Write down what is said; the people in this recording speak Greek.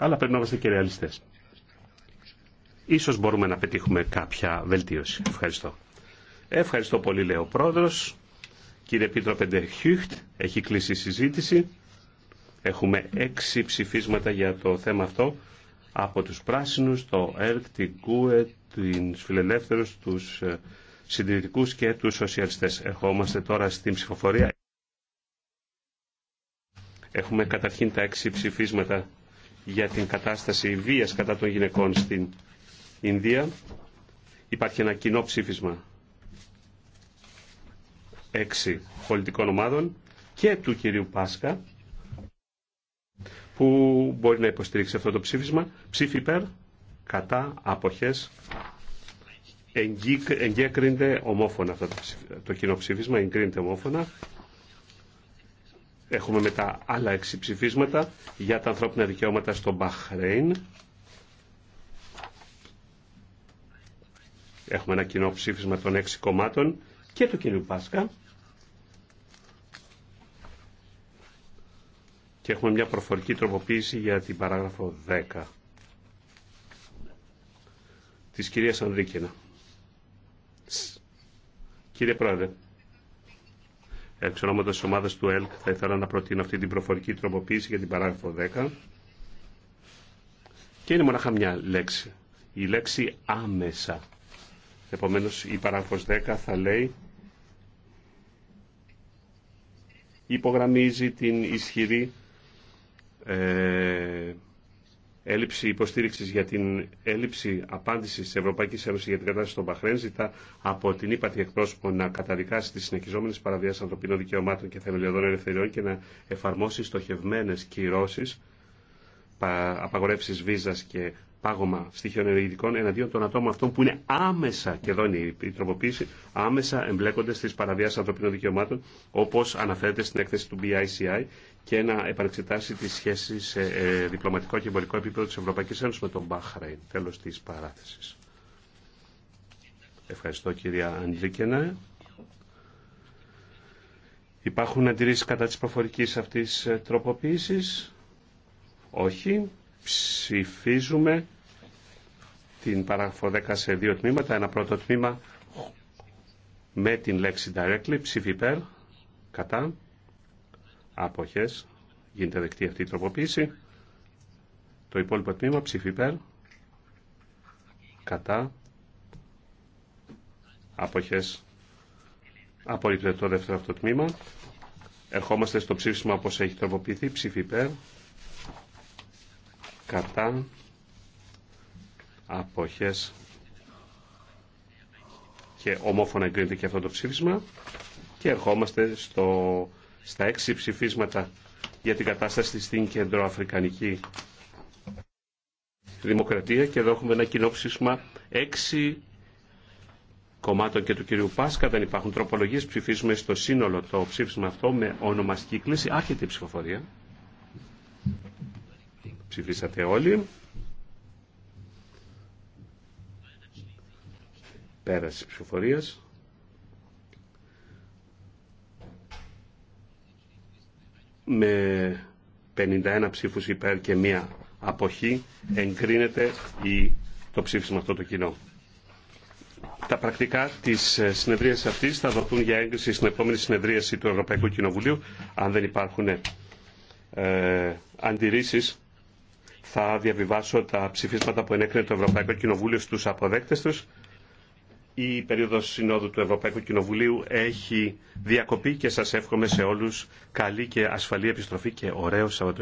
αλλά πρέπει να είμαστε και ρεαλιστές. Ίσως μπορούμε να πετύχουμε κάποια βελτίωση. Ευχαριστώ. Ευχαριστώ πολύ, λέει ο πρόεδρο. Κύριε πίτρο Ντεχιούχτ, έχει κλείσει η συζήτηση. Έχουμε έξι ψηφίσματα για το θέμα αυτό από τους πράσινους, το ΕΡΚ, την ΚΟΕ, τους φιλελεύθερους, τους ε, συντηρητικούς και τους σοσιαλιστές. Ερχόμαστε τώρα στην ψηφοφορία. Έχουμε καταρχήν τα έξι ψηφίσματα για την κατάσταση βίας κατά των γυναικών στην Ινδία. Υπάρχει ένα κοινό ψήφισμα έξι πολιτικών ομάδων και του κυρίου Πάσκα που μπορεί να υποστηρίξει αυτό το ψήφισμα. Ψήφι υπέρ, κατά, αποχές, εγκέκρινται ομόφωνα το, κοινό ψήφισμα, εγκρίνεται ομόφωνα. Έχουμε μετά άλλα έξι ψηφίσματα για τα ανθρώπινα δικαιώματα στο Μπαχρέιν. Έχουμε ένα κοινό ψήφισμα των έξι κομμάτων και του κυρίου Πάσκα. Και έχουμε μια προφορική τροποποίηση για την παράγραφο 10 της κυρίας Ανδρίκηνα. Κύριε Πρόεδρε, Εξ ονόματος της του ΕΛΚ θα ήθελα να προτείνω αυτή την προφορική τροποποίηση για την παράγραφο 10. Και είναι μονάχα μια λέξη. Η λέξη άμεσα. Επομένω η παράγραφο 10 θα λέει υπογραμμίζει την ισχυρή ε, έλλειψη υποστήριξη για την έλλειψη απάντηση τη Ευρωπαϊκή Ένωση για την κατάσταση των Παχρέν ζητά από την ύπατη εκπρόσωπο να καταδικάσει τι συνεχιζόμενε παραβιάσει ανθρωπίνων δικαιωμάτων και θεμελιωδών ελευθεριών και να εφαρμόσει στοχευμένε κυρώσει απαγορεύσει βίζα και πάγωμα στοιχείων ενεργητικών εναντίον των ατόμων αυτών που είναι άμεσα, και εδώ είναι η τροποποίηση, άμεσα εμπλέκονται στι παραβιάσεις ανθρωπίνων δικαιωμάτων, Όπω αναφέρεται στην έκθεση του BICI, και να επανεξετάσει τι σχέσει σε ε, διπλωματικό και εμπορικό επίπεδο τη Ευρωπαϊκή Ένωση με τον Μπαχρέιν. τέλο τη παράθεση. Ευχαριστώ κυρία Αντρίκενα. Υπάρχουν αντιρρήσεις κατά της προφορικής αυτής ε, τροποποίησης. Όχι. Ψηφίζουμε την παράγραφο 10 σε δύο τμήματα. Ένα πρώτο τμήμα με την λέξη directly, ψήφι υπέρ, κατά, αποχές, γίνεται δεκτή αυτή η τροποποίηση. Το υπόλοιπο τμήμα, ψήφι υπέρ, κατά, αποχές, απορρίπτεται το δεύτερο αυτό τμήμα. Ερχόμαστε στο ψήφισμα όπως έχει τροποποιηθεί, ψήφι υπέρ, κατά αποχές και ομόφωνα εγκρίνεται και αυτό το ψήφισμα και ερχόμαστε στο, στα έξι ψηφίσματα για την κατάσταση στην κεντροαφρικανική δημοκρατία και εδώ έχουμε ένα κοινό ψήφισμα έξι κομμάτων και του κυρίου Πάσκα δεν υπάρχουν τροπολογίες ψηφίσουμε στο σύνολο το ψήφισμα αυτό με ονομαστική κλίση άρχεται η ψηφοφορία Ψηφίσατε όλοι. Πέραση ψηφοφορίας. Με 51 ψήφους υπέρ και μία αποχή εγκρίνεται η, το ψήφισμα αυτό το κοινό. Τα πρακτικά τη ε, συνεδρία αυτή θα δοθούν για έγκριση στην επόμενη συνεδρίαση του Ευρωπαϊκού Κοινοβουλίου, αν δεν υπάρχουν ε, αντιρρήσει θα διαβιβάσω τα ψηφίσματα που ενέκρινε το Ευρωπαϊκό Κοινοβούλιο στους αποδέκτες τους. Η περίοδος συνόδου του Ευρωπαϊκού Κοινοβουλίου έχει διακοπεί και σας εύχομαι σε όλους καλή και ασφαλή επιστροφή και ωραίο Σαββατοκύριακο.